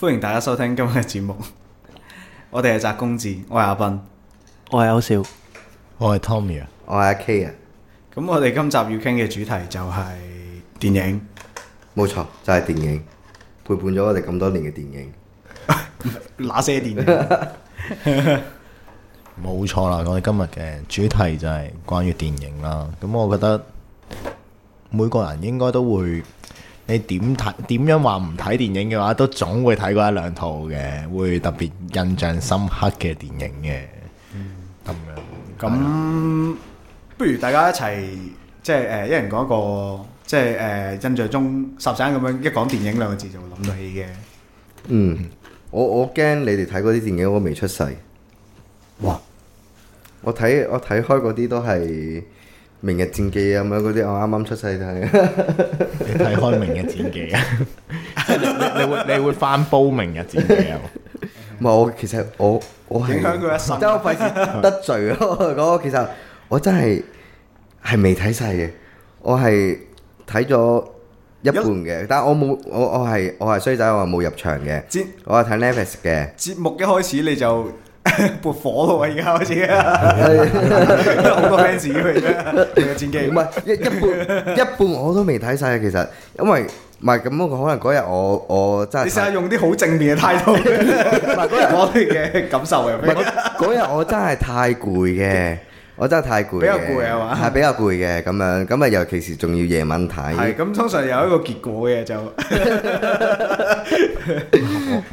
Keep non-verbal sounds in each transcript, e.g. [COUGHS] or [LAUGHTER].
歡迎大家收聽今日嘅節目，我哋係宅公子，我係阿斌，我係歐少，我係 Tommy 啊，我係阿 K 啊。咁我哋今集要傾嘅主題就係電影，冇錯，就係電影，陪伴咗我哋咁多年嘅電影。哪些電影？冇錯啦，我哋今日嘅主題就係關於電影啦。咁我覺得每個人應該都會。你點睇？點樣話唔睇電影嘅話，都總會睇過一兩套嘅，會特別印象深刻嘅電影嘅。咁、嗯、樣咁、嗯，不如大家一齊，即係誒，一人講一個，即係誒，印象中霎時間咁樣一講電影兩個字就會，就諗到起嘅。嗯，我我驚你哋睇過啲電影，我未出世。哇！我睇我睇開嗰啲都係明日戰記啊，咁樣嗰啲我啱啱出世睇， [LAUGHS] 你睇開明日戰記啊！ [LAUGHS] [LAUGHS] 你你會你會翻煲明日戰記啊？唔係 [LAUGHS] 我其實我我係影響佢一生， [LAUGHS] 真係費事得罪咯。嗰 [LAUGHS] [LAUGHS] 其實我真係係未睇晒嘅，我係睇咗一半嘅，一但我冇我我係我係衰仔，我係冇入場嘅。戰我係睇 Nevus 嘅節目一開始你就。撥 [LAUGHS] 火咯，而家開始啊！好多 fans 嚟嘅，仲有戰機，唔係一一半一半我都未睇晒啊！其實因為唔係咁，可能嗰日我我真係你試下用啲好正面嘅態度，唔係嗰日我哋嘅感受嚟。唔係嗰日我真係太攰嘅。 [LAUGHS] [LAUGHS] 我真係太攰，比較攰啊嘛，係比較攰嘅咁樣，咁啊尤其是仲要夜晚睇，係咁通常有一個結果嘅就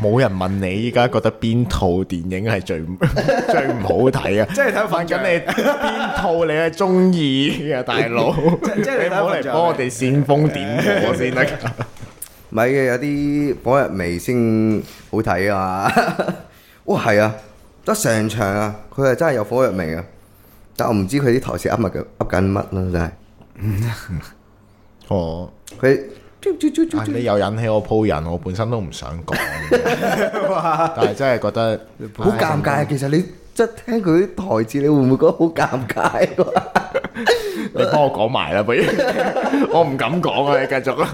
冇人問你依家覺得邊套電影係最最唔好睇啊！即係睇翻緊你邊套你係中意嘅大佬，即係你睇嚟幫我哋煽風點火先得噶，咪嘅有啲火藥味先好睇啊！哇，係啊，得上場啊，佢係真係有火藥味啊！但係我唔知佢啲台詞噏乜噏緊乜咯，真係。哦，佢，你又引起我鋪人，我本身都唔想講，但係真係覺得好尷尬。其實你即係聽佢啲台詞，你會唔會覺得好尷尬？你幫我講埋啦，不如我唔敢講啊！你繼續啦。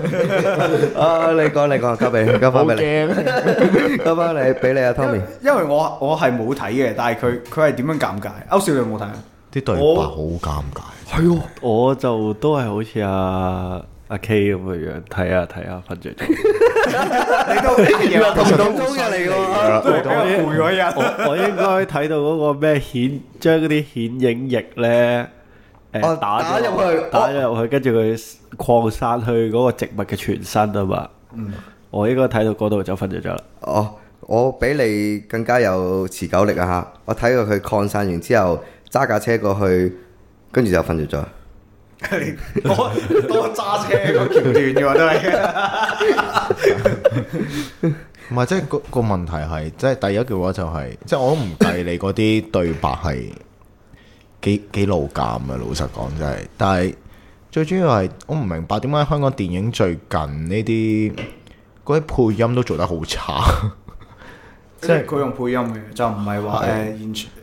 啊，你講你講，交俾交翻俾你，交翻你俾你啊，Tommy。因為我我係冇睇嘅，但係佢佢係點樣尷尬？歐少你有冇睇啊？啲對白好尷尬。係我，我就都係好似阿阿 K 咁嘅樣，睇下睇下瞓着咗。你 [LAUGHS] [LAUGHS] 來到幾時啊？同當初一樣嚟喎，我換咗日。我應該睇到嗰個咩顯將啲顯影液咧，誒、欸打，啊、打入去，打咗入去，跟住佢擴散去嗰個植物嘅全身啊嘛。我應該睇到嗰度就瞓着咗啦。哦，我比你更加有持久力啊！嚇，我睇到佢擴散完之後。揸架車過去，跟住就瞓着咗。多多揸車個橋段嘅話都係，唔係即係個個問題係，即係第一句話就係，即係我唔計你嗰啲對白係幾 [LAUGHS] 幾老鑑啊！老實講真係，但係最主要係我唔明白點解香港電影最近呢啲嗰啲配音都做得好差。即係佢用配音嘅，就唔係話誒現場。 [LAUGHS]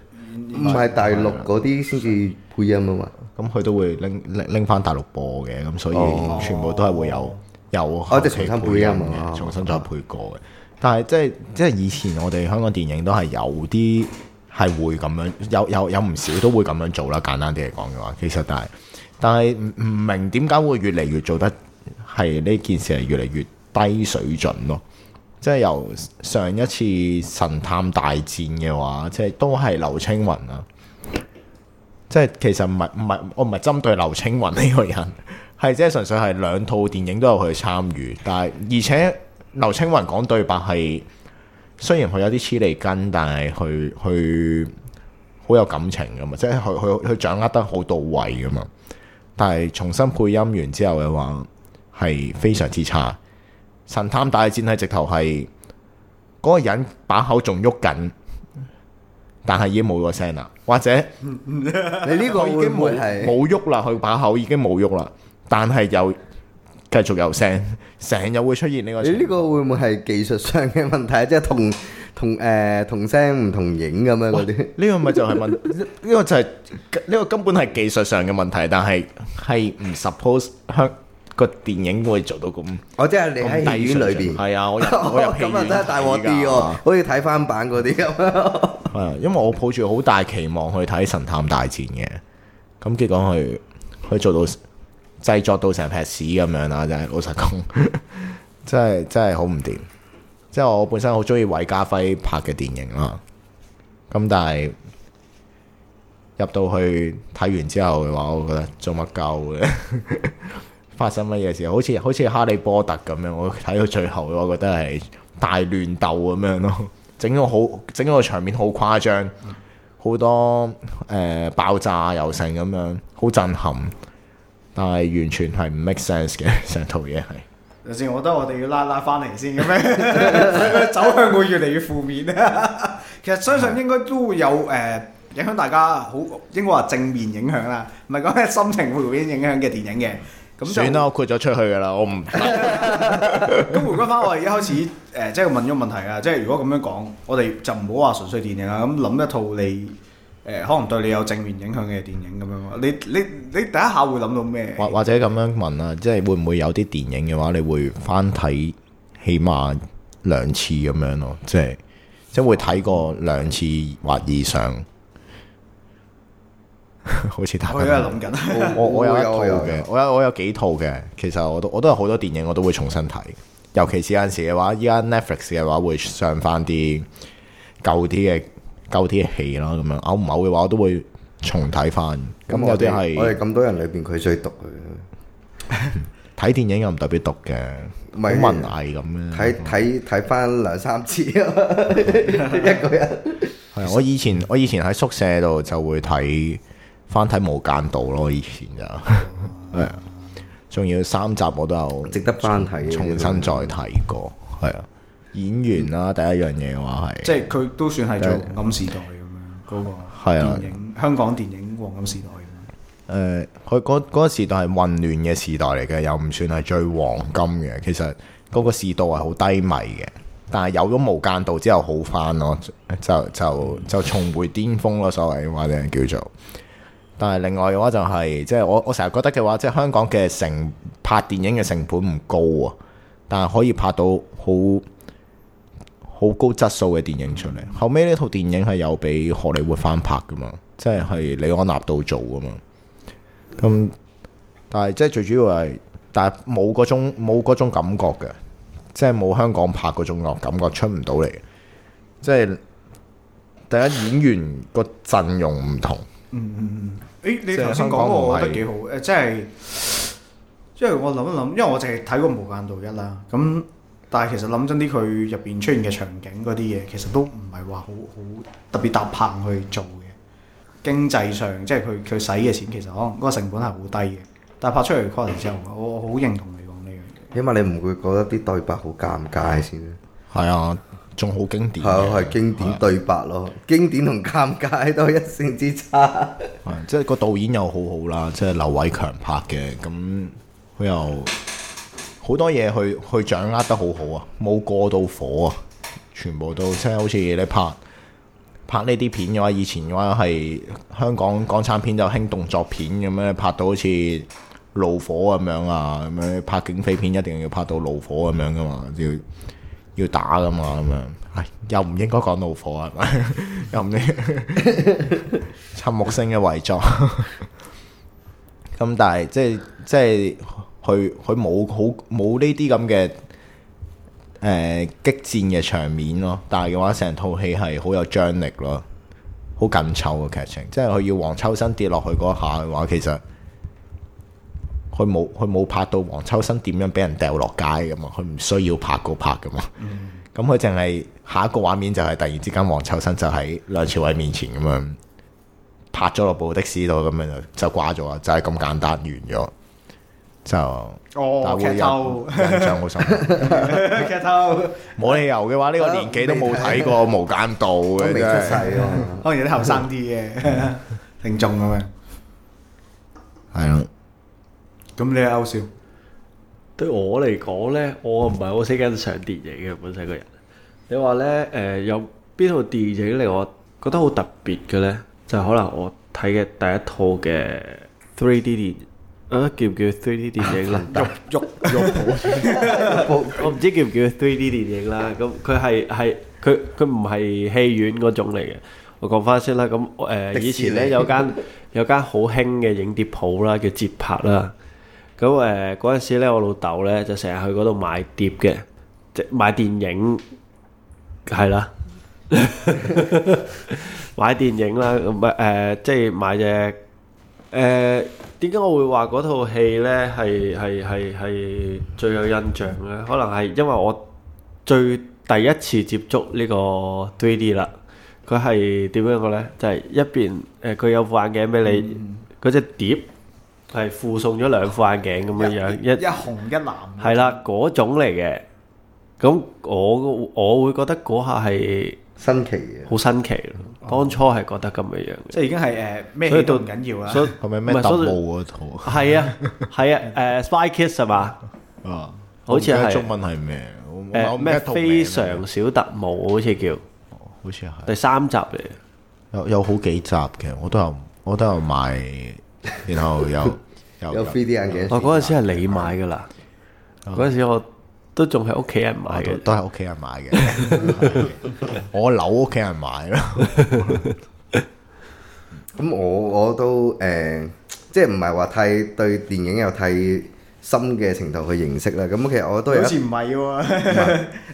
唔係大陸嗰啲先至配音啊嘛，咁佢、嗯、都會拎拎翻大陸播嘅，咁所以全部都係會有有重新配音嘅，重新再配過嘅。但係即係即係以前我哋香港電影都係有啲係會咁樣，有有有唔少都會咁樣做啦。簡單啲嚟講嘅話，其實但係但係唔明點解會越嚟越做得係呢件事係越嚟越低水準咯。即係由上一次神探大戰嘅話，即係都係劉青雲啊！即係其實唔係唔係，我唔係針對劉青雲呢個人，係即係純粹係兩套電影都有佢參與，但係而且劉青雲講對白係雖然佢有啲黐脷根，但係佢佢好有感情噶嘛，即係佢佢佢掌握得好到位噶嘛，但係重新配音完之後嘅話係非常之差。神探大戰係直頭係，嗰個人把口仲喐緊，但係已經冇個聲啦。或者你呢個已經冇係冇喐啦，佢把口已經冇喐啦，但係又繼續有聲，成日會出現呢個。你呢個會唔會係技術上嘅問題？即係同同誒同聲唔同影咁樣嗰啲？呢個咪就係問呢個就係呢個根本係技術上嘅問題，但係係唔 suppose 香。個電影會做到咁，我、哦、即係你喺戲院裏邊，係啊，我入戲院，咁啊真係大鑊啲哦，好似睇翻版嗰啲咁。係，因為我抱住好大期望去睇《神探大戰》嘅，咁結果去去做到製作到成劈屎咁樣啦，真係老實講， [LAUGHS] 真係真係好唔掂。即係我本身好中意韋家輝拍嘅電影啦，咁但係入到去睇完之後嘅話，我覺得做乜夠嘅。 [LAUGHS] 發生乜嘢事？好似好似《哈利波特》咁樣，我睇到最後，我覺得係大亂鬥咁樣咯，整到好，整到個場面好誇張，好多誒、呃、爆炸又成咁樣，好震撼。但係完全係唔 make sense 嘅，成套嘢係。頭先，我覺得我哋要拉拉翻嚟先咁樣？ [LAUGHS] [LAUGHS] 走向會越嚟越負面啊！ [LAUGHS] 其實相信應該都會有誒、呃、影響大家，好應該話正面影響啦，唔係講咩心情會唔會影響嘅電影嘅。算啦，我豁咗出去噶啦，我唔，咁 [LAUGHS] [LAUGHS] 回歸返我一開始誒、呃，即係問咗問題啊，即係如果咁樣講，我哋就唔好話純粹電影啦，咁諗一套你誒、呃，可能對你有正面影響嘅電影咁樣，你你你第一下會諗到咩？或或者咁樣問啊，即係會唔會有啲電影嘅話，你會翻睇起碼兩次咁樣咯，即係即係會睇過兩次或以上。 [LAUGHS] 好似大家諗緊，我我 [LAUGHS] 我有一套嘅，我有我有幾套嘅。其實我都我都有好多電影，我都會重新睇。尤其是有陣時嘅話，依家 Netflix 嘅話會上翻啲舊啲嘅舊啲嘅戲啦。咁樣偶唔偶嘅話，我都會重睇翻。咁、嗯、我哋係我哋咁多人裏邊，佢最毒嘅。睇 [LAUGHS] 電影又唔代表毒嘅，好文藝咁啊！睇睇睇翻兩三次，一個人。係 [LAUGHS] 我以前我以前喺宿舍度就會睇。翻睇《無間道》咯，以前就係啊，仲 [LAUGHS] [LAUGHS] 要三集我都有值得翻睇，重新再睇過係啊。演員啦，第一樣嘢嘅話係，即係佢都算係最黃金時代咁樣嗰個電影，的香港電影《黃金時代》咁、呃。誒、那個，佢嗰嗰個時代係混亂嘅時代嚟嘅，又唔算係最黃金嘅。其實嗰個時代係好低迷嘅，但係有咗《無間道》之後好翻咯，就就就，就，就重回巔峰咯。所謂話咧叫做。但係另外嘅話就係、是、即係我我成日覺得嘅話，即係香港嘅成拍電影嘅成本唔高啊，但係可以拍到好好高質素嘅電影出嚟。後尾呢套電影係有俾荷里活翻拍噶嘛，即係係李安納度做噶嘛。咁但係即係最主要係，但係冇嗰種冇嗰種感覺嘅，即係冇香港拍嗰種感覺出唔到嚟。即係第一，演員個陣容唔同。嗯嗯、mm hmm. 嗯，誒、欸、你頭先講嗰個我覺得幾好，誒即係，即係、哎、我諗一諗，因為我淨係睇過《無間道一》啦，咁但係其實諗真啲佢入邊出現嘅場景嗰啲嘢，其實都唔係話好好特別搭棚去做嘅，經濟上即係佢佢使嘅錢其實可能嗰個成本係好低嘅，但係拍出嚟可能之後，我好認同你講呢樣嘢。起碼你唔會覺得啲對白好尷尬先啦，係啊。仲好經典，係啊，係經典對白咯，對經典同尷尬都一線之差。即係、就是、個導演又好好啦，即、就、係、是、劉偉強拍嘅，咁佢又好多嘢去去掌握得好好啊，冇過到火啊，全部都即係、就是、好似你拍拍呢啲片嘅話，以前嘅話係香港港產片就興動作片咁樣，拍到好似怒火咁樣啊，咁樣拍警匪片一定要拍到怒火咁樣噶嘛，要。要打噶嘛咁樣，哎，又唔應該講怒火啊？係咪？ [LAUGHS] 又唔應該，陳木勝嘅遺作，咁但係即係即係佢佢冇好冇呢啲咁嘅誒激戰嘅場面咯，但係嘅話成套戲係好有張力咯，好緊湊嘅劇情，即係佢要黃秋生跌落去嗰下嘅話，其實。佢冇佢冇拍到黃秋生點樣俾人掉落街咁嘛，佢唔需要拍嗰拍噶嘛。咁佢淨係下一個畫面就係突然之間黃秋生就喺梁朝偉面前咁樣拍咗落部的士度咁樣就就掛咗啦，就係、是、咁簡單完咗就但會。哦，劇有印象好深。劇透冇理由嘅話，呢、這個年紀都冇睇過《無間道》嘅、哦啊、可能有啲後生啲嘅聽眾咁啊。係咯。 [LAUGHS] [LAUGHS] 咁你又 out 笑？對我嚟講咧，我唔係好識欣賞電影嘅本身個人。你話咧，誒有邊套電影令我覺得好特別嘅咧，就係可能我睇嘅第一套嘅 three D 電啊，叫唔叫 three D 電影啦？肉肉肉鋪，我唔知叫唔叫 three D 電影啦。咁佢係係佢佢唔係戲院嗰種嚟嘅。我講翻先啦。咁誒以前咧有間有間好興嘅影碟鋪啦，叫接拍啦。咁誒嗰陣時咧，我老豆咧就成日去嗰度買碟嘅，即係買電影，係啦，買電影啦，唔係誒，即係買隻誒。點解我會話嗰套戲咧係係係係最有印象咧？可能係因為我最第一次接觸呢個 three D 啦。佢係點樣嘅咧？就係一邊誒，佢有副眼鏡俾你，嗰隻碟。係附送咗兩副眼鏡咁樣樣，一紅一藍，係啦，嗰種嚟嘅。咁我我會覺得嗰下係新奇嘅，好新奇咯。當初係覺得咁樣樣，即係已經係誒咩戲都唔緊要啦，係咪咩特務嗰套，係啊係啊誒，Spy Kids 係嘛？啊，好似係。中文係咩？誒咩？非常小特務好似叫，好似係第三集嚟。有有好幾集嘅，我都有，我都有買。然後有有 three D 眼鏡。我嗰陣時係你買噶啦，嗰陣時我都仲係屋企人買嘅，都係屋企人買嘅。我扭屋企人買咯。咁我我都誒，即係唔係話太對電影有太深嘅程度去認識啦。咁其實我都好似唔係你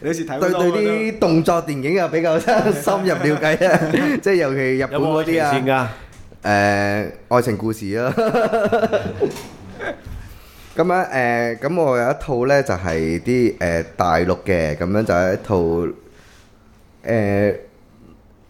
好似睇對對啲動作電影又比較深入了解啊。即係尤其日本嗰啲啊。誒，愛情故事啦，咁樣誒，咁我有一套咧，就係啲誒大陸嘅，咁樣就係一套誒，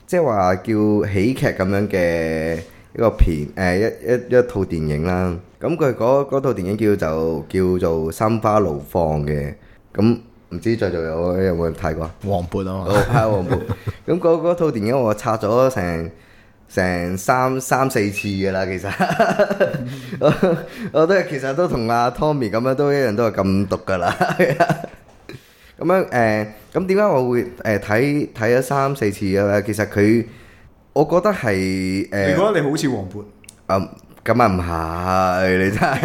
即係話叫喜劇咁樣嘅一個片，誒一一一套電影啦。咁佢嗰嗰套電影叫做叫做《心花怒放》嘅。咁唔知在座有有冇人睇過黃渤啊？我拍黃渤。咁嗰嗰套電影我拆咗成成三三四次噶啦，其實、嗯、 [LAUGHS] 我，我都係其實都同阿 Tommy 咁樣都一樣都係咁讀噶啦。咁 [LAUGHS] 樣誒，咁點解我會誒睇睇咗三四次嘅咧？其實佢，我覺得係誒，呃、你覺得你好似黃渤啊？咁啊唔係，你真係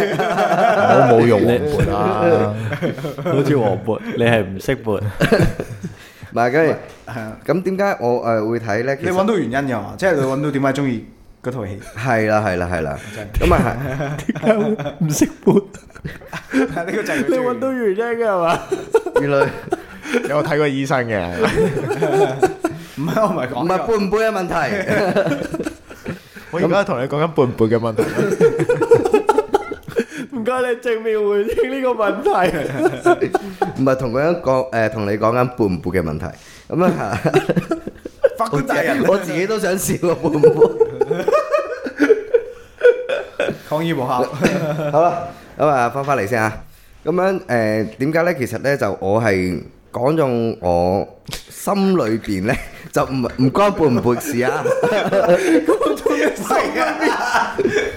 我冇用黃渤啦，好似黃渤，你係唔識撥。 [LAUGHS] 唔係，跟住係啊！咁點解我誒會睇咧？你揾到原因嘅嘛？即係你揾到點解中意嗰套戲？係啦，係啦，係啦！咁咪係唔識半？係呢個就係你揾到原因嘅係嘛？原來有睇過醫生嘅。唔係，我唔係講，唔係半半嘅問題。我而家同你講緊半半嘅問題。我哋正面回應呢個問題，唔係同佢講，誒，同你講緊半唔半嘅問題。咁啊，法官大人，我自己都想笑，半唔半，抗議無效。好啦，咁啊，翻返嚟先啊。咁樣誒，點解咧？其實咧，就我係講中我心裏邊咧，就唔唔關半唔半事啊。講中心裏邊，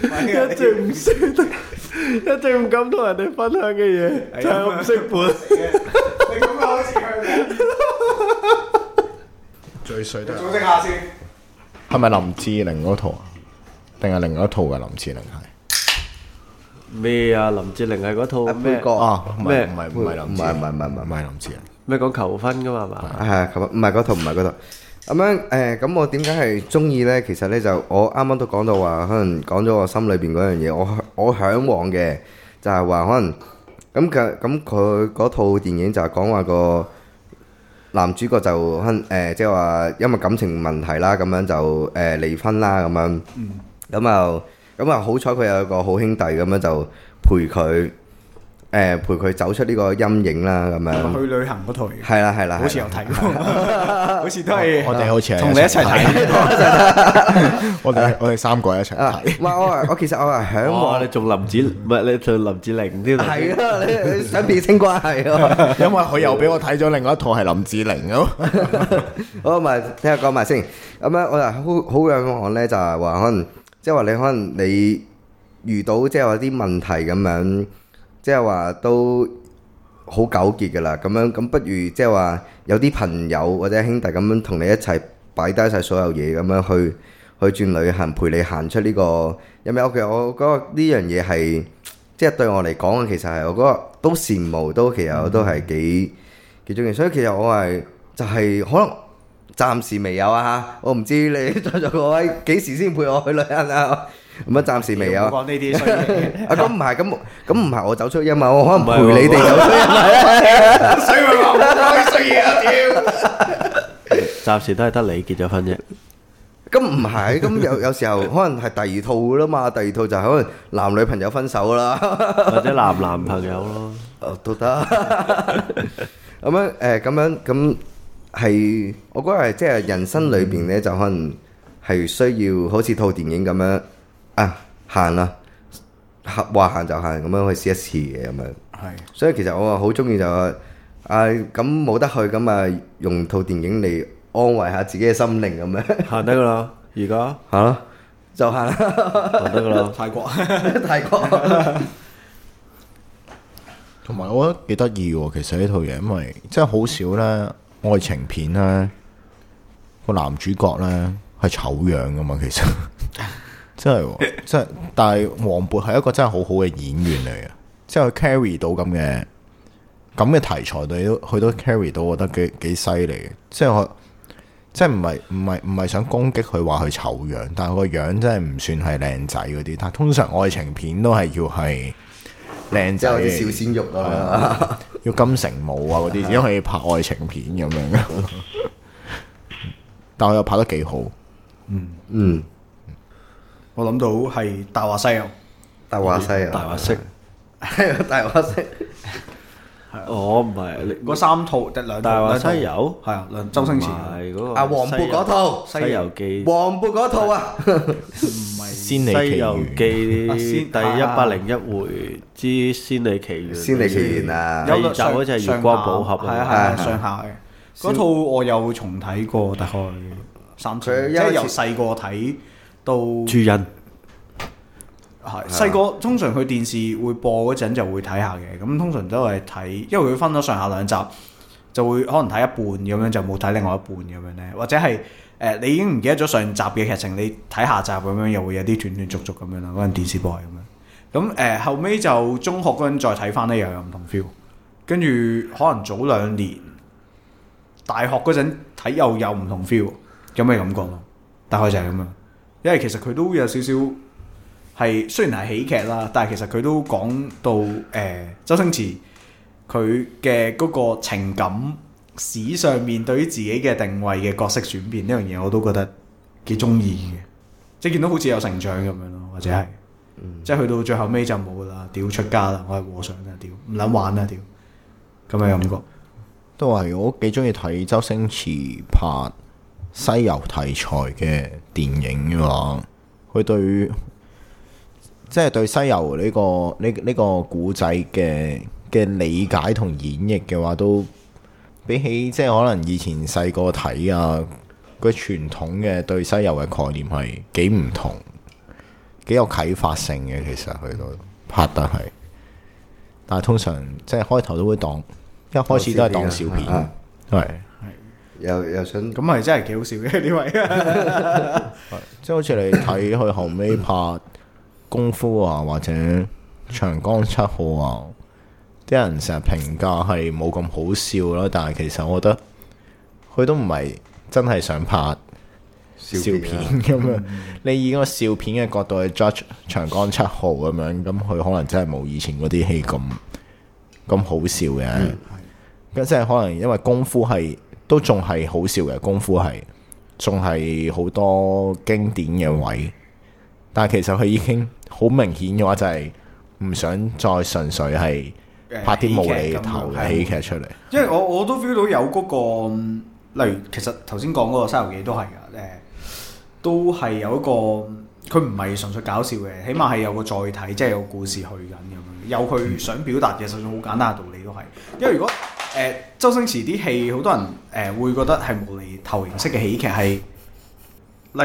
我真係唔識得。一直唔敢同人哋分享嘅嘢，就係我唔識本。你咁樣好似佢哋最衰。都係組織下先。係咪林志玲嗰套啊？定係另外一套嘅林志玲係咩啊？林志玲係嗰套咩啊？咩唔係唔係林志玲？唔係唔係唔係唔係林志玲。咩講求婚噶嘛？係啊，求婚唔係嗰套，唔係嗰套。咁樣誒，咁、嗯、我點解係中意咧？其實咧就我啱啱都講到話，可能講咗我心裏邊嗰樣嘢，我我向往嘅就係、是、話可能咁佢咁佢嗰套電影就係講話個男主角就哼誒，即係話因為感情問題啦，咁樣就誒離、呃、婚啦，咁樣，咁又咁啊好彩佢有一個好兄弟咁樣就陪佢。誒陪佢走出呢個陰影啦，咁樣去旅行嗰套係啦係啦，好似有睇過，好似都係我哋好似同你一齊睇。我哋我哋三個一齊睇。哇！我我其實我係響喎，你做林志唔係你做林志玲呢？係咯，你想變清官係咯？因為佢又俾我睇咗另外一套係林志玲嘅，好埋聽下講埋先咁樣。我話好好嘅話咧，就係話可能即係話你可能你遇到即係話啲問題咁樣。即係話都好糾結噶啦，咁樣咁不如即係話有啲朋友或者兄弟咁樣同你一齊擺低晒所有嘢，咁樣去去轉旅行，陪你行出呢個有咩？其實我覺得呢樣嘢係，即係對我嚟講其實係我覺得都羨慕，都其實都係幾幾中意，所以其實我係就係、是、可能。暫時未有啊吓，我唔知你在座各位幾時先陪我去旅行啊？咁啊暫時未有。講呢啲啊，咁唔係咁，咁唔係我走出音嘛，我可能陪你哋走出音。水涼，開衰嘢啊！屌，暫時都係得你結咗婚啫。咁唔係，咁有有時候可能係第二套啦嘛，第二套就係可能男女朋友分手啦，或者男男朋友咯，哦都得。咁樣誒，咁樣咁。係，我覺得係即係人生裏邊咧，就可能係需要好似套電影咁樣啊行啦，合話行就行咁樣去試一試嘅咁樣。係，是的 所以其實我、就是、啊好中意，就啊咁冇得去咁啊，用套電影嚟安慰下自己嘅心靈咁樣。行得噶啦，而家吓就行得噶啦，泰國 [LAUGHS] 泰國。同 [LAUGHS] 埋我覺得幾得意喎，其實呢套嘢，因為真係好少啦。愛情片咧，個男主角咧係醜樣噶嘛，其實真係真係，但係黃渤係一個真係好好嘅演員嚟嘅，即係佢 carry 到咁嘅咁嘅題材，都佢都 carry 到，我覺得幾幾犀利嘅，即係我即係唔係唔係唔係想攻擊佢話佢醜樣，但係佢個樣真係唔算係靚仔嗰啲，但係通常愛情片都係要係。靚仔，嗰啲小鮮肉咯，要金城武啊，嗰啲因為要拍愛情片咁樣。但係又拍得幾好。嗯嗯，我諗到係《大話西遊》。大話西遊，大話西。係大話西。哦，唔係，嗰三套，兩《大話西遊》係啊，周星馳。係嗰個。啊，黃渤嗰套《西遊記》。黃渤嗰套啊。仙《西遊記》 [LAUGHS] 啊、先第一百零一回之《仙履奇緣》。仙履奇緣啊！第二集嗰隻《月光寶，寶盒》啊，係上下嘅。嗰套我又重睇過， [LAUGHS] 大概三次，因係由細個睇到。主人係細個，通常佢電視會播嗰陣就會睇下嘅。咁通常都係睇，因為佢分咗上下兩集，就會可能睇一半咁樣，就冇睇另外一半咁樣咧，或者係。誒、呃，你已經唔記得咗上集嘅劇情，你睇下集咁樣又會有啲斷斷續續咁樣啦。嗰陣電視播係咁樣，咁、嗯、誒、呃、後尾就中學嗰陣再睇翻咧又有唔同 feel，跟住可能早兩年大學嗰陣睇又有唔同 feel，有咩感覺咯？大概就係咁樣。因為其實佢都有少少係雖然係喜劇啦，但係其實佢都講到誒、呃、周星馳佢嘅嗰個情感。史上面對於自己嘅定位嘅角色轉變呢樣嘢，我都覺得幾中意嘅，嗯、即係見到好似有成長咁樣咯，或者係，嗯、即係去到最後尾就冇啦，屌出家啦，我係和尚啦屌，唔撚玩啦屌，咁嘅感覺。嗯、都係我幾中意睇周星馳拍西遊題材嘅電影嘅話，佢對即係、就是、對西遊呢個呢呢個古仔嘅嘅理解同演繹嘅話都。比起即係可能以前細個睇啊，佢傳統嘅對西遊嘅概念係幾唔同，幾有啟發性嘅。其實佢都拍得係，但係通常即係開頭都會當一開始都係當小片，係又又想咁係真係幾好笑嘅呢位，即係 [LAUGHS] [LAUGHS] 好似你睇佢後尾拍功夫啊或者長江七號啊。啲人成日評價係冇咁好笑囉，但係其實我覺得佢都唔係真係想拍笑片咁樣、啊。 [LAUGHS] [LAUGHS] 你以個笑片嘅角度去 judge《 [LAUGHS] 長江七號》咁樣，咁佢可能真係冇以前嗰啲戲咁咁好笑嘅。咁 [LAUGHS] 即係可能因為功夫係都仲係好笑嘅，功夫係仲係好多經典嘅位。但係其實佢已經好明顯嘅話，就係、是、唔想再純粹係。拍啲無厘頭嘅喜劇出嚟， [MUSIC] 因為我我都 feel 到有嗰、嗰個，例如其實頭先講嗰個西《西遊記》都係㗎，誒，都係有一個，佢唔係純粹搞笑嘅，起碼係有個載體，即係有個故事去緊咁樣，有佢想表達嘅，就算好簡單嘅道理都係。因為如果誒、呃、周星馳啲戲，好多人誒、呃、會覺得係無厘頭形式嘅喜劇，係例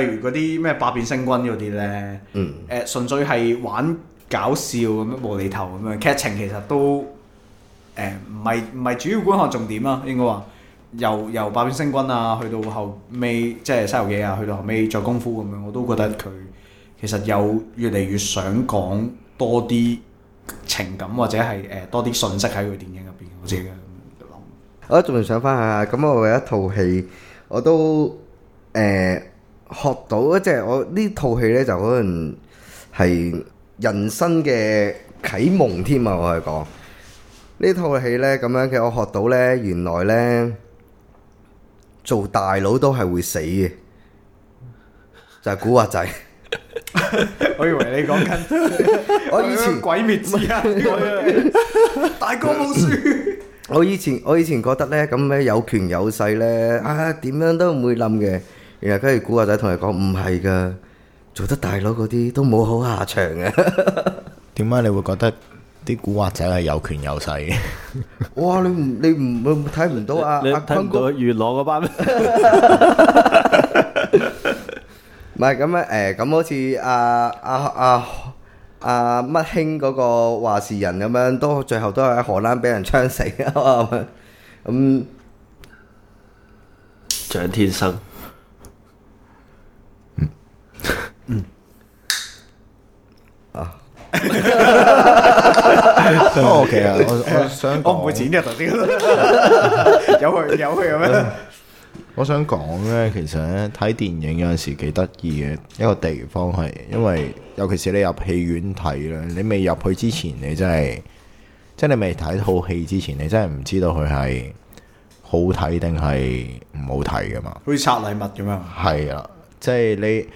如嗰啲咩百變星君嗰啲咧，誒、呃、純粹係玩搞笑咁無厘頭咁樣，劇情其實都。誒，唔係唔係主要觀看重點啊，應該話由由百變星君啊，去到後尾即係西遊記啊，去到後尾再功夫咁樣，我都覺得佢其實有越嚟越想講多啲情感或者係誒多啲信息喺佢電影入邊，我先咁諗。嗯、我仲想翻下，咁我有一套戲，我都誒學到，即係我呢套戲咧，就可能係人生嘅啟蒙添啊，我係講。.呢套戲呢，咁樣嘅，我學到呢，原來呢，做大佬都係會死嘅，就係、是、古惑仔。我以為你講緊我以前鬼滅之， [LAUGHS] [LAUGHS] 大哥冇事 [LAUGHS] [COUGHS] 我以前我以前覺得呢，咁樣有權有勢呢，啊點樣都唔會冧嘅。然後跟住古惑仔同你講唔係噶，做得大佬嗰啲都冇好下場嘅、啊 [LAUGHS] 啊。點解你會覺得？啲古惑仔係有權有勢嘅，哇！你唔你唔會睇唔到啊？你阿坤元朗嗰班咩？唔係咁咧，誒，咁好似阿阿阿阿乜興嗰個話事人咁樣，都最後都係喺荷蘭俾人槍死啊嘛！咁，蔣天生，嗯嗯啊。不過 [LAUGHS] 其實我想我， [LAUGHS] [LAUGHS] 我想，我唔會剪嘅頭先，有去有去嘅咩？我想講呢，其實睇電影有陣時幾得意嘅一個地方係，因為尤其是你入戲院睇咧，你未入去之前，你真係，即係你未睇套戲之前，你真係唔知道佢係好睇定係唔好睇噶嘛，好似拆禮物咁樣。係啊，即係你，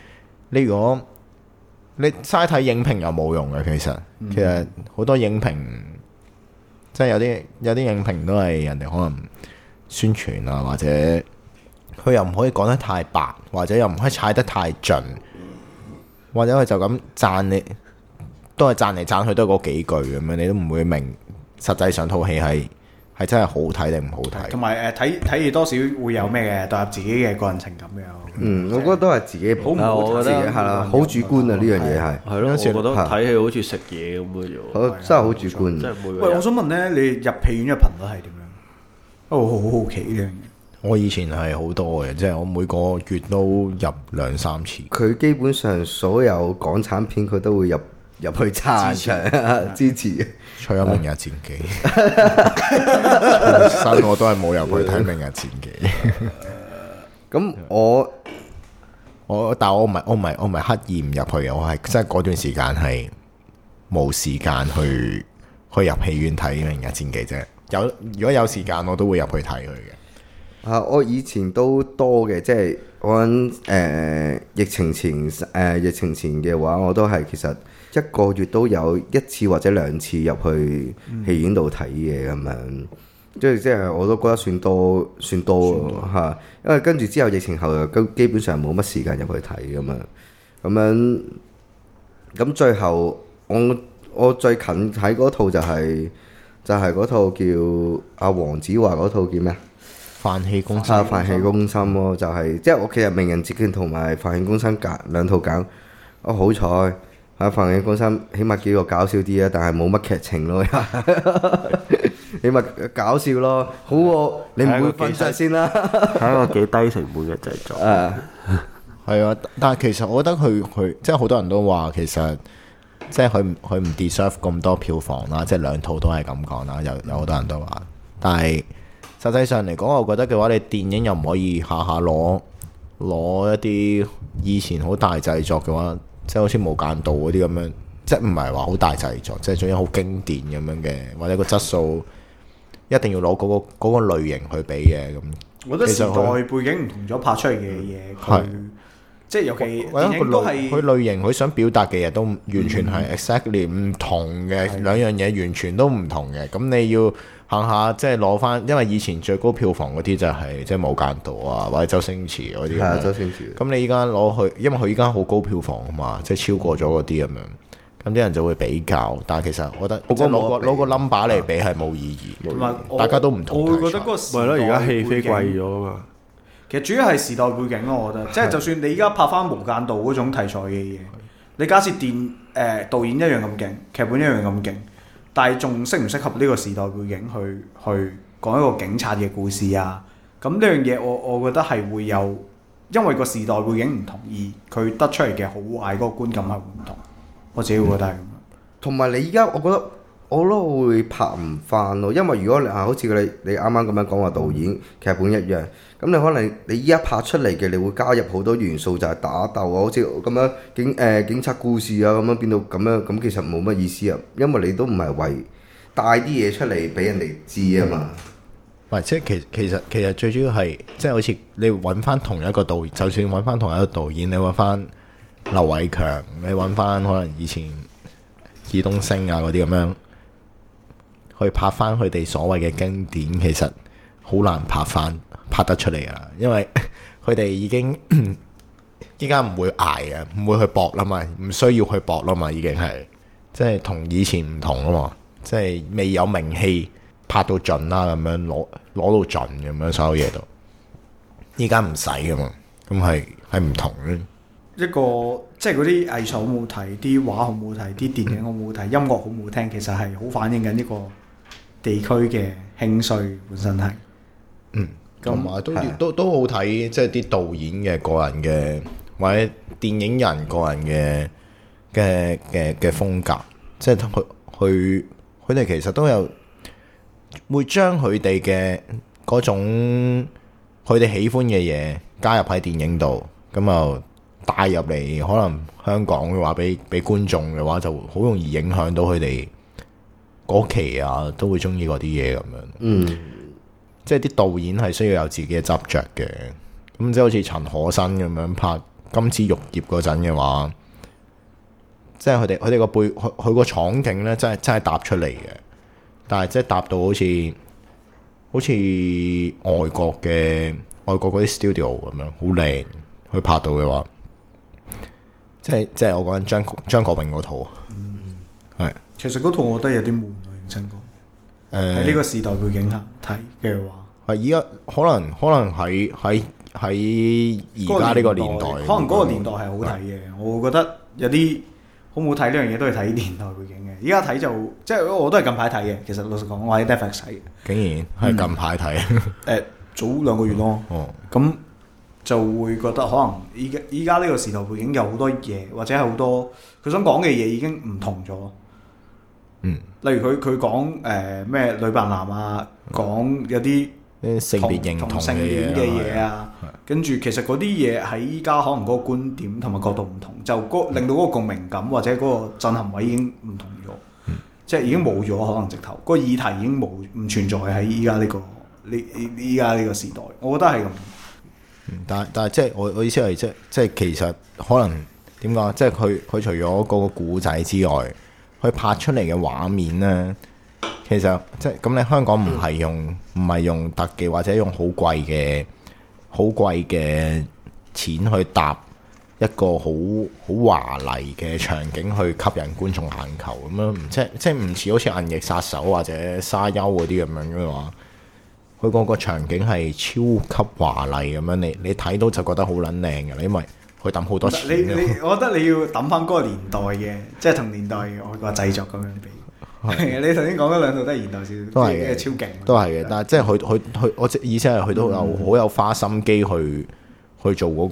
你如果。你齋睇影評又冇用嘅，其實其實好多影評，即係有啲有啲影評都係人哋可能宣傳啊，或者佢又唔可以講得太白，或者又唔可以踩得太盡，或者佢就咁讚你，都係讚嚟讚去都係嗰幾句咁樣，你都唔會明實際上套戲係。係真係好睇定唔好睇？同埋誒，睇睇多少會有咩嘅，代入自己嘅個人情感嘅。嗯，我覺得都係自己好唔好自己係啦，好主觀啊呢樣嘢係。係咯，我覺得睇戲好似食嘢咁嘅。真係好主觀。即係喂，我想問咧，你入戲院嘅頻率係點樣？我好好奇呢樣嘢。我以前係好多嘅，即係我每個月都入兩三次。佢基本上所有港產片，佢都會入。入去撐支持，除咗《明日戰記》。新我都係冇入去睇《明日戰記》。咁我我但係我唔係我唔係我唔係刻意唔入去嘅，我係真係嗰段時間係冇時間去去入戲院睇《明日戰記》啫。有如果有時間，我都會入去睇佢嘅。啊，我以前都多嘅，即係我諗誒，疫情前誒、呃，疫情前嘅話，我都係其實。一個月都有一次或者兩次入去戲院度睇嘢咁樣，即係即係我都覺得算多算多吓，因為跟住之後疫情後又基本上冇乜時間入去睇咁樣，咁樣咁最後我我最近睇嗰套就係、是、就係、是、嗰套叫阿黃子華嗰套叫咩啊？《飯戲攻心》啊，《飯戲攻心》咯、就是，就係、是、即係我其實《名人之劍》同埋《飯戲攻心》揀兩套搞，我好彩。哦哦哦哦哦哦哦哦啊！《凡人修心》起碼幾個搞笑啲啊，但係冇乜劇情咯， [LAUGHS] 起碼搞笑咯，好喎！你唔會瞓晒先啦，係一個幾低成本嘅製作，啊。誒，係啊，但係其實我覺得佢佢即係好多人都話，其實即係佢佢唔 deserve 咁多票房啦，即係兩套都係咁講啦，有有好多人都話，但係實際上嚟講，我覺得嘅話，你電影又唔可以下下攞攞一啲以前好大製作嘅話。即係好似無間道嗰啲咁樣，即係唔係話好大製作，即係總之好經典咁樣嘅，或者個質素一定要攞嗰個嗰個類型去比嘅咁。我覺得時代背景唔同咗，拍出嚟嘅嘢係，即係尤其都係佢類型，佢想表達嘅嘢都完全係 exactly 唔同嘅，兩、嗯嗯、樣嘢完全都唔同嘅，咁的你要。行下即係攞翻，因為以前最高票房嗰啲就係、係、即係《無間道》啊，或者周星馳嗰啲。係周星馳。咁你依家攞去，因為佢依家好高票房啊嘛，即係超過咗嗰啲咁樣，咁啲人就會比較。但係其實我覺得，即係攞個攞個 number 嚟比係冇意義。大家都唔同。我會覺得嗰個時，咪咯，而家戲飛貴咗啊嘛。其實主要係時代背景咯，我覺得，即係的就，就算你依家拍翻《無間道》嗰種題材嘅嘢，的你假設電誒、呃、導演一樣咁勁，劇本一樣咁勁。但係仲適唔適合呢個時代背景去去講一個警察嘅故事啊？咁呢樣嘢我我覺得係會有，因為個時代背景唔同，而，佢得出嚟嘅好壞嗰個觀感係會唔同。我自己會覺得係咁。同埋、嗯、你依家，我覺得。我都會拍唔翻咯，因為如果你係好似你你啱啱咁樣講話導演劇本一樣，咁、嗯、你可能你依家拍出嚟嘅，你會加入好多元素就，就係打鬥啊，好似咁樣警誒、呃、警察故事啊咁樣、呃、變到咁樣，咁其實冇乜意思啊，因為你都唔係為帶啲嘢出嚟俾人哋知啊嘛。唔即係其其實其實，其實最主要係即係好似你揾翻同一個導演，就算揾翻同一個導演，你揾翻劉偉強，你揾翻可能以前爾冬升啊嗰啲咁樣。去拍翻佢哋所謂嘅經典，其實好難拍翻，拍得出嚟啊！因為佢哋已經依家唔會挨啊，唔會去搏啦嘛，唔需要去搏啦嘛，已經係即係同以前唔同啊嘛，即係未有名氣拍到盡啦，咁樣攞攞到盡咁樣所有嘢都，依家唔使啊嘛，咁係係唔同嘅一個，即係嗰啲藝術好唔好睇，啲畫好唔好睇，啲電影好唔好睇，音樂好唔好聽，其實係好反映緊呢個。地區嘅興衰本身係，嗯，同埋都都都好睇，即係啲導演嘅個人嘅，或者電影人個人嘅嘅嘅嘅風格，即係佢佢佢哋其實都有會將佢哋嘅嗰種佢哋喜歡嘅嘢加入喺電影度，咁就帶入嚟，可能香港嘅話，俾俾觀眾嘅話，就好容易影響到佢哋。嗰期啊，都會中意嗰啲嘢咁樣，嗯、即係啲導演係需要有自己嘅執著嘅，咁即係好似陳可辛咁樣拍《金枝玉葉》嗰陣嘅話，即係佢哋佢哋個背佢佢個場景咧，真係真係搭出嚟嘅，但係即係搭到好似好似外國嘅外國嗰啲 studio 咁樣好靚，佢拍到嘅話，即係即係我講緊張張國榮嗰套。嗯其實嗰套我覺得有啲悶啊，認真講。誒，喺呢個時代背景下睇嘅話，係依家可能可能喺喺喺而家呢個年代，可能嗰個年代係好睇嘅。嗯、我覺得有啲好唔好睇呢樣嘢都係睇年代背景嘅。依家睇就即係我都係近排睇嘅。其實老實講，我喺 Netflix 洗竟然係近排睇、嗯？誒 [LAUGHS] 、欸，早兩個月咯、嗯。哦，咁就會覺得可能依依家呢個時代背景有好多嘢，或者係好多佢想講嘅嘢已經唔同咗。嗯，例如佢佢講誒咩女扮男啊，講有啲性別認同嘅嘢啊，跟住其實嗰啲嘢喺依家可能嗰個觀點同埋角度唔同，就、個嗯、令到嗰個共鳴感或者嗰個震撼位已經唔同咗，嗯、即係已經冇咗可能直頭、個議題已經冇唔存在喺依家呢個呢依家呢個時代，我覺得係咁、嗯。但但係即係我我意思係即係即係其實可能點講即係佢佢除咗嗰個古仔之外。佢拍出嚟嘅畫面呢，其實即係咁，你香港唔係用唔係用特技或者用好貴嘅好貴嘅錢去搭一個好好華麗嘅場景去吸引觀眾眼球咁樣，即即唔似好似《銀翼殺手》或者《沙丘》嗰啲咁樣嘅話，佢個個場景係超級華麗咁樣，你你睇到就覺得好撚靚嘅啦，因為。佢抌好多錢。你你，我覺得你要抌翻嗰個年代嘅，即係同年代嘅外國製作咁樣比。你頭先講嗰兩套都係現代少少，都係嘅，超勁。都係嘅，但係即係佢佢佢，我意思係佢都有好有花心機去去做嗰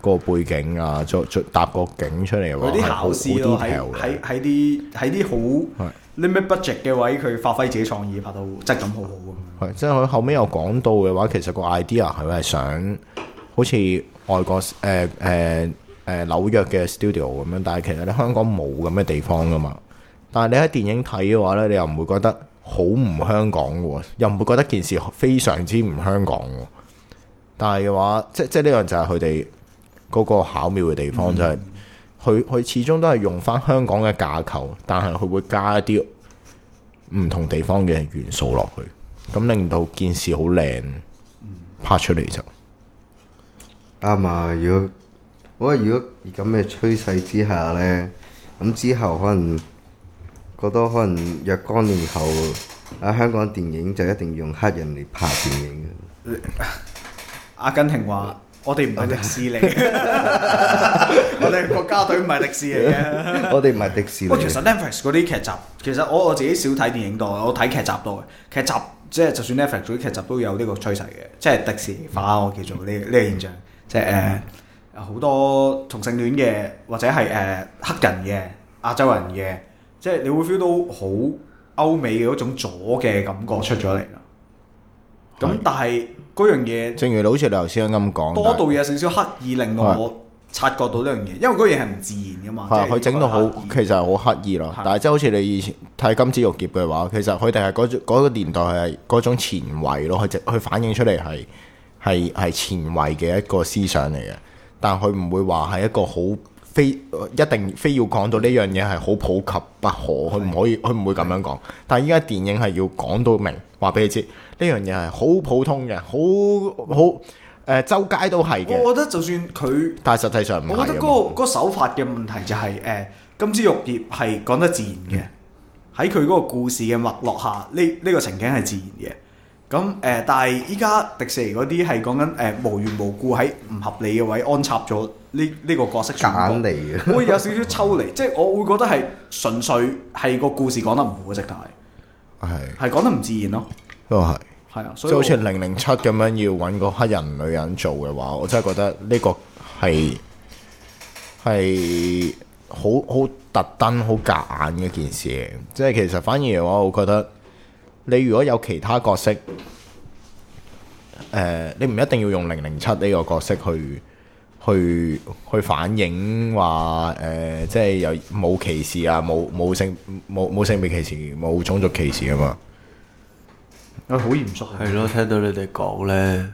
個嗰個背景啊，做做搭個景出嚟嘅話。啲考試都係喺喺啲喺啲好 limit budget 嘅位，佢發揮自己創意，拍到質感好好啊。係，即係佢後尾又講到嘅話，其實個 idea 係咪想好似？外國誒誒誒紐約嘅 studio 咁樣，但係其實你香港冇咁嘅地方噶嘛。但係你喺電影睇嘅話咧，你又唔會覺得好唔香港喎，又唔會覺得件事非常之唔香港喎。但係嘅話，即即係呢樣就係佢哋嗰個巧妙嘅地方，嗯、就係佢佢始終都係用翻香港嘅架構，但係佢會加一啲唔同地方嘅元素落去，咁令到件事好靚拍出嚟就。啱啊！如果我話如果咁嘅趨勢之下咧，咁之後可能覺得可能若干年後喺、啊、香港電影就一定用黑人嚟拍電影嘅 [MUSIC] 阿根廷話：我哋唔係迪士尼， [LAUGHS] 我哋國家隊唔係迪士尼嘅， [LAUGHS] [MUSIC] 我哋唔係迪士尼。 [MUSIC] 不過 [MUSIC] 其實 Netflix 嗰啲劇集，其實我我自己少睇電影多，我睇劇集多嘅劇集，即係就算 Netflix 做啲劇集都有呢個趨勢嘅，即係迪士尼化 [LAUGHS] 我叫做呢呢個現象。 [MUSIC] 即係誒，好、呃、多同性戀嘅或者係誒、呃、黑人嘅亞洲人嘅，即係你會 feel 到好歐美嘅一種左嘅感覺出咗嚟啦。咁、嗯、但係嗰的樣嘢，正如你好似你頭先咁講，多度有少少刻意是的令到我察覺到呢樣嘢，因為嗰樣嘢係唔自然噶嘛，係佢整到好，其實係好刻意咯。的但係即係好似你以前睇金枝玉葉嘅話，其實佢哋係嗰嗰個年代係嗰種前衛咯，佢直佢反映出嚟係。係係前衛嘅一個思想嚟嘅，但佢唔會話係一個好非一定非要講到呢樣嘢係好普及不可，佢唔是的 可以，佢唔會咁樣講。是的 但係依家電影係要講到明，話俾你知呢樣嘢係好普通嘅，好好誒，周街都係嘅。我覺得就算佢，但係實際上唔係。我覺得嗰、嗰個手法嘅問題就係、係、誒，金、呃、枝玉葉係講得自然嘅，喺佢嗰個故事嘅脈絡下，呢、呢、呢個情景係自然嘅。咁誒，但係依家迪士尼嗰啲係講緊誒無緣無故喺唔合理嘅位安插咗呢呢個角色出嚟，來會有少少抽離， [LAUGHS] 即係我會覺得係純粹係個故事講得唔好即係，係係講得唔自然咯，都係係啊，所以好似零零七咁樣要揾個黑人女人做嘅話，我真係覺得呢個係係好好特登、好夾硬嘅一件事，即係其實反而嘅話，我覺得。你如果有其他角色，誒、呃，你唔一定要用零零七呢個角色去去去反映話，誒、呃，即係有冇歧視啊，冇冇性冇冇性別歧視，冇種族歧視啊嘛。好嚴肅。係咯，聽到你哋講咧，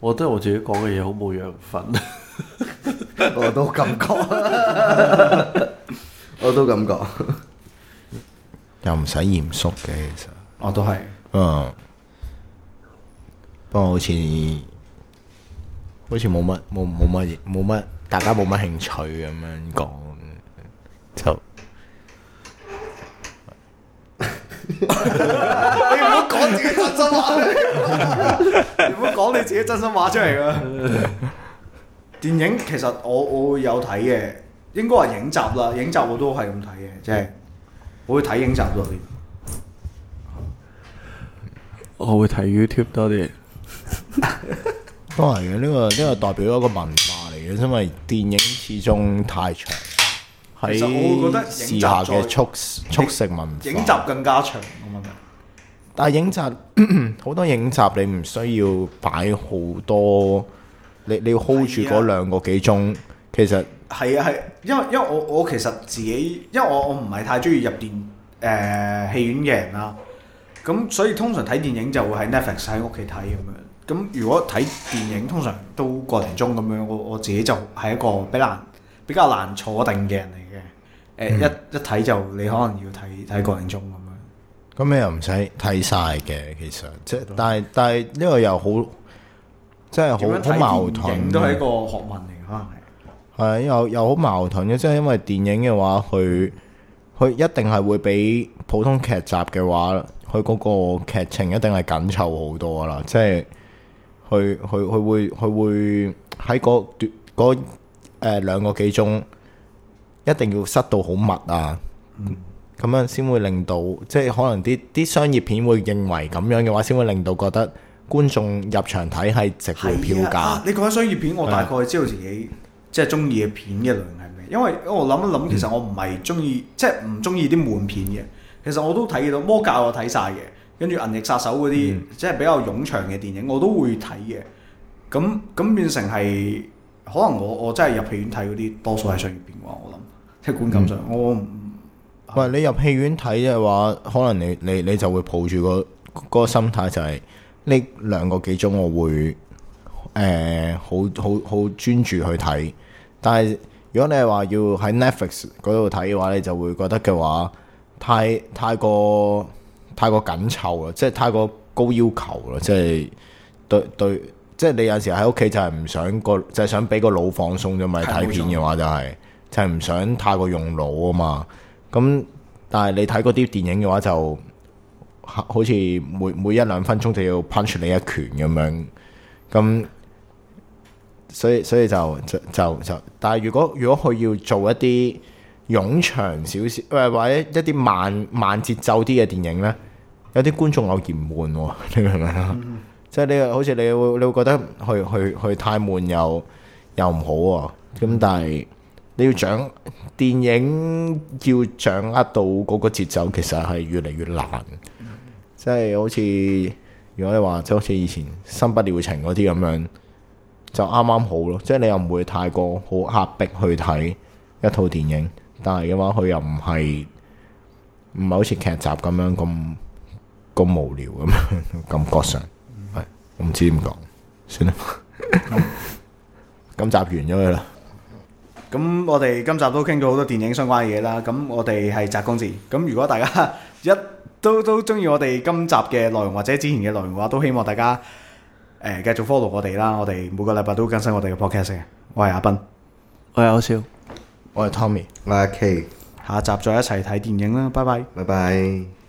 我覺得我自己講嘅嘢好冇養分， [LAUGHS] 我都感覺、啊， [LAUGHS] [LAUGHS] 我都感覺、啊 [LAUGHS] 又，又唔使嚴肅嘅其實。我、啊、都係，嗯，不過好似好似冇乜冇冇乜冇乜，大家冇乜興趣咁樣講，就， [LAUGHS] [LAUGHS] [LAUGHS] 你唔好講自己真心話，你唔好講你自己真心話出嚟噶。 [LAUGHS] 電影其實我我會有睇嘅，應該係影集啦，影集我都係咁睇嘅，即、就、係、是、我會睇影集多啲。我會睇 YouTube 多啲、 [LAUGHS] [LAUGHS] 哎，都係嘅。呢個呢個代表一個文化嚟嘅，因為電影始終太長，喺時下嘅速速食文化，影集更加長冇問題。但係影集，好多影集，你唔需要擺好多，你你要 hold 住嗰兩個幾鐘，啊、其實係啊係、啊啊，因為因為我我其實自己，因為我我唔係太中意入電誒、戲、呃、院嘅人啦。咁所以通常睇電影就會喺 Netflix 喺屋企睇咁樣。咁如果睇電影通常都個零鐘，咁樣，我我自己就係一個比較難，比較難坐定嘅人嚟嘅。誒、呃嗯，一一睇就你可能要睇睇個零鐘，咁樣。咁你又唔使睇晒嘅，嗯嗯嗯、其實即係但係但係呢個又好即係好好矛盾。都係一個學問嚟嘅，可能係係、嗯、又又好矛盾嘅，即係因為電影嘅話，佢佢一定係會比普通劇集嘅話。佢嗰個劇情一定係緊湊好多啦，即係佢佢佢會佢會喺嗰段嗰誒兩個幾鐘，一定要塞到好密啊，咁、嗯、樣先會令到，即係可能啲啲商業片會認為咁樣嘅話，先會令到覺得觀眾入場睇係值回票價啊。你講商業片，我大概知道自己、啊、即係中意嘅片嘅類型係咩，因為我諗一諗，其實我唔係中意，嗯、即係唔中意啲悶片嘅。其實我都睇到《魔戒》，我睇晒嘅，跟住《銀翼殺手》嗰啲、嗯，即係比較冗長嘅電影，我都會睇嘅。咁咁變成係可能我我真係入戲院睇嗰啲，多數係商業片嘅話，我諗即係觀感上，嗯、我唔不。喂，你入戲院睇嘅話，可能你你你就會抱住、個、個心態就係、係、呢、嗯、兩個幾鐘，我會誒、呃、好好好，好專注去睇。但係如果你係話要喺 Netflix 嗰度睇嘅話，你就會覺得嘅話。嗯太太過太過緊湊啦，即係太過高要求啦，即係對對，即係你有陣時喺屋企就係唔想個就係、是、想俾個腦放鬆咁咪睇片嘅、嗯、話就係、是、就係、是、唔想太過用腦啊嘛。咁但係你睇嗰啲電影嘅話就好似每每一兩分鐘就要 punch 你一拳咁樣，咁所以所以就就就，就但係如果如果佢要做一啲。冗長少少，誒或者一啲慢慢節奏啲嘅電影呢，有啲觀眾有嫌悶、喔，你明唔明啊？嗯、即係你好似你會，你會覺得去去去太悶又又唔好喎、喔。咁但係你要掌電影要掌握到嗰個節奏，其實係越嚟越難。嗯、即係好似如果你話即係好似以前《新不了情》嗰啲咁樣，就啱啱好咯。即係你又唔會太過好壓迫去睇一套電影。但係嘅話，佢又唔係唔係好似劇集咁樣咁咁無聊咁樣感覺上，係我唔知點講，算啦。咁集完咗佢啦。咁我哋今集都傾咗好多電影相關嘅嘢啦。咁我哋係澤公子。咁如果大家一都都中意我哋今集嘅內容或者之前嘅內容嘅話，都希望大家誒繼續 follow 我哋啦。我哋每個禮拜都更新我哋嘅 podcast 嘅。我係阿斌，我係歐少。我係 Tommy，我係阿 K，下集再一齊睇電影啦，拜拜，拜拜。